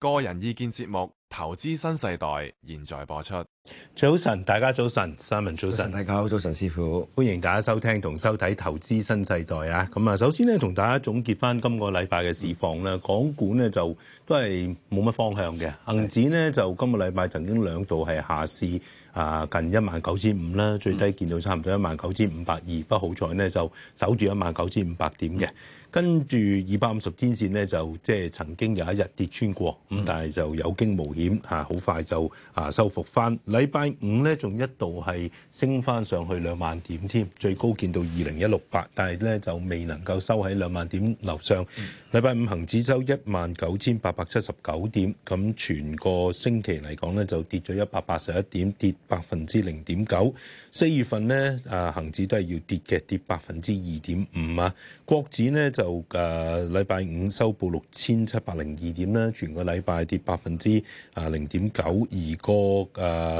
個人意見節目《投資新世代》現在播出。早晨，大家早晨，三文早晨，早晨大家好，早晨，師傅，歡迎大家收聽同收睇《投資新世代》啊！咁啊，首先呢，同大家總結翻今個禮拜嘅市況啦。港股呢，就都係冇乜方向嘅，恒指呢，就今個禮拜曾經兩度係下市啊，近一萬九千五啦，最低見到差唔多一萬九千五百二，不過好彩呢，就守住一萬九千五百點嘅，嗯、跟住二百五十天線呢，就即係曾經有一日跌穿過，咁但係就有驚無險啊，好快就啊收復翻。禮拜五咧，仲一度係升翻上去兩萬點添，最高見到二零一六八，但係咧就未能夠收喺兩萬點樓上。禮拜、嗯、五恒指收一萬九千八百七十九點，咁全個星期嚟講咧就跌咗一百八十一點，跌百分之零點九。四月份咧，啊恆指都係要跌嘅，跌百分之二點五啊。國指呢，就誒禮拜五收報六千七百零二點啦，全個禮拜跌百分之啊零點九，而個誒。呃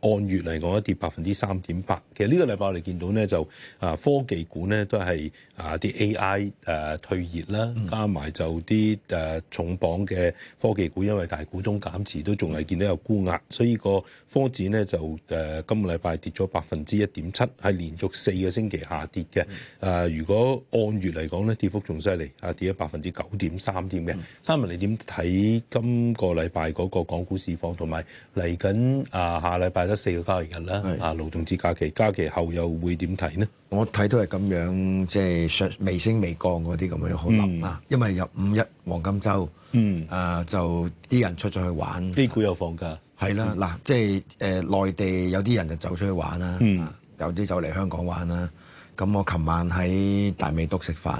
按月嚟講，一跌百分之三點八。其實呢個禮拜我哋見到咧，就啊科技股咧都係啊啲 AI 誒、啊、退熱啦，加埋就啲誒、啊、重磅嘅科技股，因為大股東減持，都仲係見到有沽壓。所以個科指咧就誒、啊、今個禮拜跌咗百分之一點七，係連續四個星期下跌嘅。誒、啊、如果按月嚟講咧，跌幅仲犀利，啊跌咗百、嗯、分之九點三添嘅。三文，你點睇今個禮拜嗰個港股市況，同埋嚟緊啊下禮拜？四個交易日啦，啊是，勞動節假期，假期後又會點睇呢？我睇都係咁樣，即係未升未降嗰啲咁樣好能啊。嗯、因為有五一黃金周，嗯，啊、呃，就啲人出咗去玩，A 股又放假，係啦，嗱、嗯，即係誒、呃，內地有啲人就走出去玩啦，嗯、有啲就嚟香港玩啦。咁我琴晚喺大美督食飯，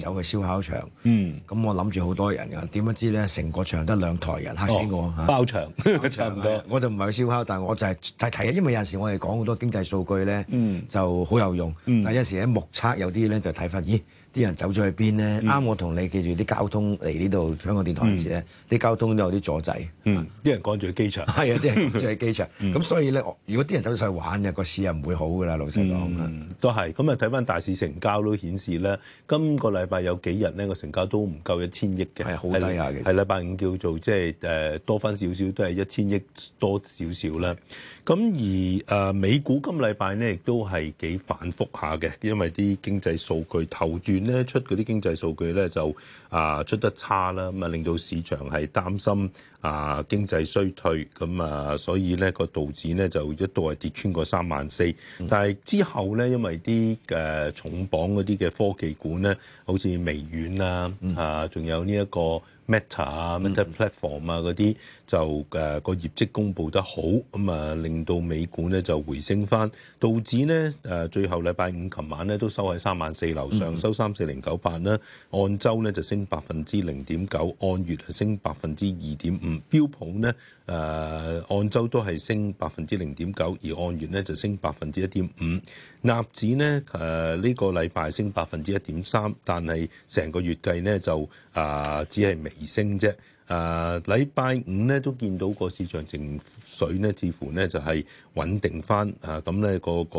走去燒烤場。咁我諗住好多人㗎，點樣知咧成個場得兩台人嚇死我，包場差唔多。我就唔係去燒烤，但我就係就係提啊，因為有陣時我哋講好多經濟數據咧，就好有用。但有時咧目測有啲咧就睇翻，咦啲人走咗去邊咧？啱我同你記住啲交通嚟呢度香港電台嗰時咧，啲交通都有啲阻滯。啲人趕住去機場，係啊，啲人趕住去機場。咁所以咧，如果啲人走咗去玩嘅，個市又唔會好㗎啦。老實講都係咁啊。睇翻大市成交都顯示咧，今個禮拜有幾日咧，個成交都唔夠一千億嘅，係的好低下嘅的。係禮拜五叫做即係誒、呃、多翻少少，都係一千億多少少啦。咁而誒、呃、美股今個禮拜咧亦都係幾反覆下嘅，因為啲經濟數據頭段咧出嗰啲經濟數據咧就啊、呃、出得差啦，咁啊令到市場係擔心啊、呃、經濟衰退，咁啊、呃、所以咧個道指咧就一度係跌穿個三萬四，但係之後咧因為啲嘅、呃、重磅嗰啲嘅科技股咧，好似微軟啊，啊仲有呢、這、一個。Meta 啊 Meta platform 啊，嗰啲就誒個、呃、業績公布得好，咁啊令到美股呢就回升翻，道指呢誒、呃、最後禮拜五琴晚呢都收喺三萬四樓上，收三四零九八啦，按周呢就升百分之零點九，按月係升百分之二點五。標普呢誒、呃、按周都係升百分之零點九，而按月呢就升百分之一點五。納指呢誒呢、呃這個禮拜升百分之一點三，但係成個月計呢就誒、呃、只係微而升啫，啊，禮拜五咧都見到個市場情緒咧，似乎咧就係穩定翻，啊，咁咧個個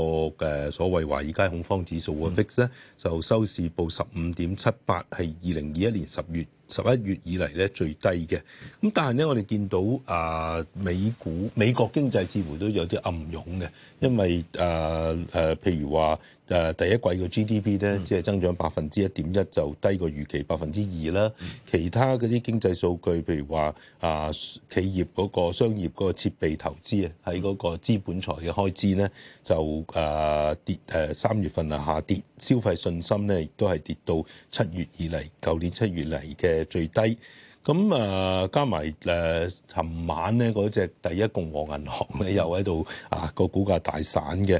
誒所謂華爾街恐慌指數個 VIX 咧就收市報十五點七八，係二零二一年十月、十一月以嚟咧最低嘅，咁但係咧我哋見到啊美股美國經濟似乎都有啲暗湧嘅，因為誒誒、呃呃、譬如話誒、呃、第一季嘅 GDP 咧只係、就是、增長百分之一點一，就低過預期百分之二啦。其他嗰啲經濟數據，譬如話啊、呃、企業嗰個商業個設備投資啊，喺嗰個資本財嘅開支咧就誒跌誒三、呃、月份啊下跌，消費信心咧亦都係跌到七月以嚟舊年七月嚟嘅。最低咁啊、呃，加埋誒，尋、呃、晚咧嗰隻第一共和銀行咧又喺度啊，個股價大散嘅誒，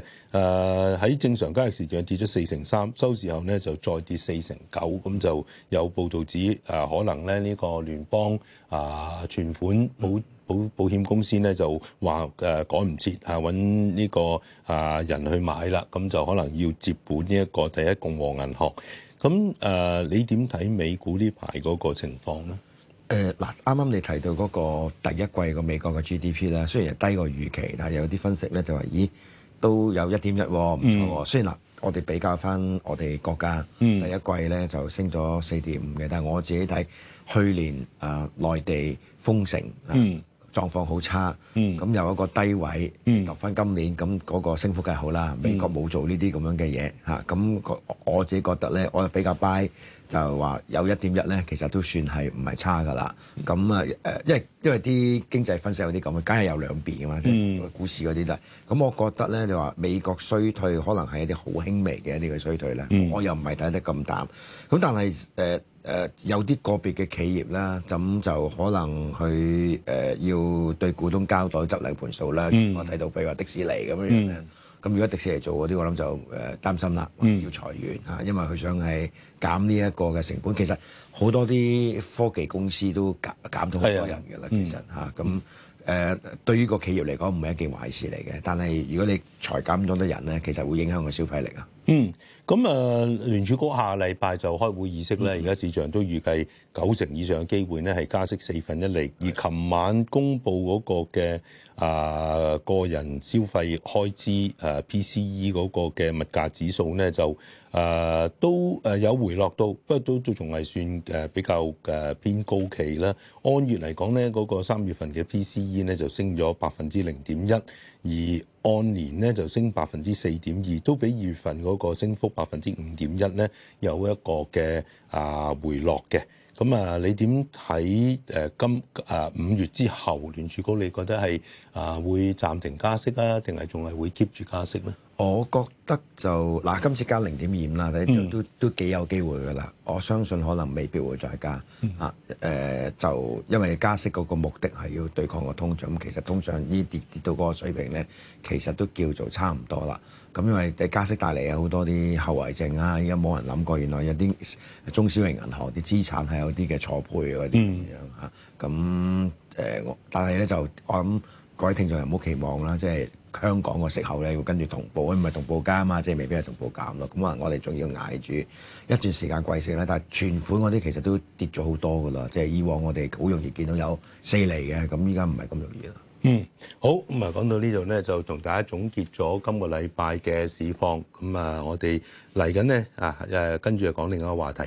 喺、啊、正常交易時段跌咗四成三，收市後咧就再跌四成九，咁就有報道指誒、啊，可能咧呢、呢個聯邦啊存款保保保險公司咧就話誒趕唔切啊，揾呢、啊呢個啊人去買啦，咁就可能要接本呢一個第一共和銀行。咁誒、呃，你點睇美股呢排嗰個情況咧？誒嗱、呃，啱啱你提到嗰個第一季個美國嘅 GDP 咧，雖然係低過預期，但係有啲分析咧就話，咦，都有一點一，唔錯喎。嗯、雖然嗱，我哋比較返我哋國家、嗯、第一季咧就升咗四點五嘅，但係我自己睇去年誒、呃、內地封城。啊嗯狀況好差，咁、嗯、有一個低位落翻、嗯、今年，咁嗰個升幅梗係好啦。美國冇做呢啲咁樣嘅嘢嚇，咁、嗯啊、我自己覺得咧，我比較 buy 就係話有一點一咧，其實都算係唔係差噶啦。咁啊誒，因為因為啲經濟分析有啲咁嘅，梗係有兩邊噶嘛，即、股市嗰啲啦。咁我覺得咧，你話美國衰退可能係一啲好輕微嘅一啲嘅衰退咧，嗯、我又唔係睇得咁淡。咁但係誒。呃誒、呃、有啲個別嘅企業啦，咁就可能去誒、呃、要對股東交代執靚盤數啦。我睇到比如話迪士尼咁樣咧，咁、嗯、如果迪士尼做嗰啲，我諗就誒、呃、擔心啦，嗯、要裁員嚇，因為佢想係減呢一個嘅成本。其實好多啲科技公司都減減咗好多人㗎啦，的其實嚇咁誒對於呢個企業嚟講唔係一件壞事嚟嘅，但係如果你裁減咗啲人咧，其實會影響個消費力啊。嗯，咁啊，聯儲局下禮拜就開會議息咧。而家市場都預計九成以上嘅機會咧，係加息四分一厘。而琴晚公布嗰個嘅啊個人消費開支誒、啊、PCE 嗰個嘅物價指數咧就啊都誒、啊、有回落到，不過都都仲係算誒比較誒偏高企啦。按月嚟講咧，嗰、嗰個三月份嘅 PCE 咧就升咗百分之零點一而。按年咧就升百分之四點二，都比二月份嗰個升幅百分之五點一咧有一個嘅啊回落嘅。咁啊，你點睇誒今啊五月之後聯儲局，你覺得係啊會暫停加息啊，定係仲係會 keep 住加息咧？我覺得就嗱，今次加零點二五啦，都都都幾有機會噶啦。我相信可能未必會再加啊。誒、嗯呃，就因為加息嗰個目的係要對抗個通脹，其實通脹呢跌跌到嗰個水平咧，其實都叫做差唔多啦。咁因為加息帶嚟有好多啲後遺症啊，依家冇人諗過原來有啲中小型銀行啲資產係有啲嘅錯配嗰啲咁樣嚇。咁、嗯、誒、呃，但係咧就我諗各位聽眾又唔好期望啦，即、就、係、是。香港嘅息口咧要跟住同步啊，唔係同步加啊嘛，即係未必係同步減咯。咁啊，我哋仲要捱住一段時間貴息啦。但係存款嗰啲其實都跌咗好多噶啦，即係以往我哋好容易見到有四厘嘅，咁依家唔係咁容易啦。嗯，好，咁啊講到呢度咧，就同大家總結咗今個禮拜嘅市況。咁啊，我哋嚟緊咧啊誒，跟住就講另一個話題。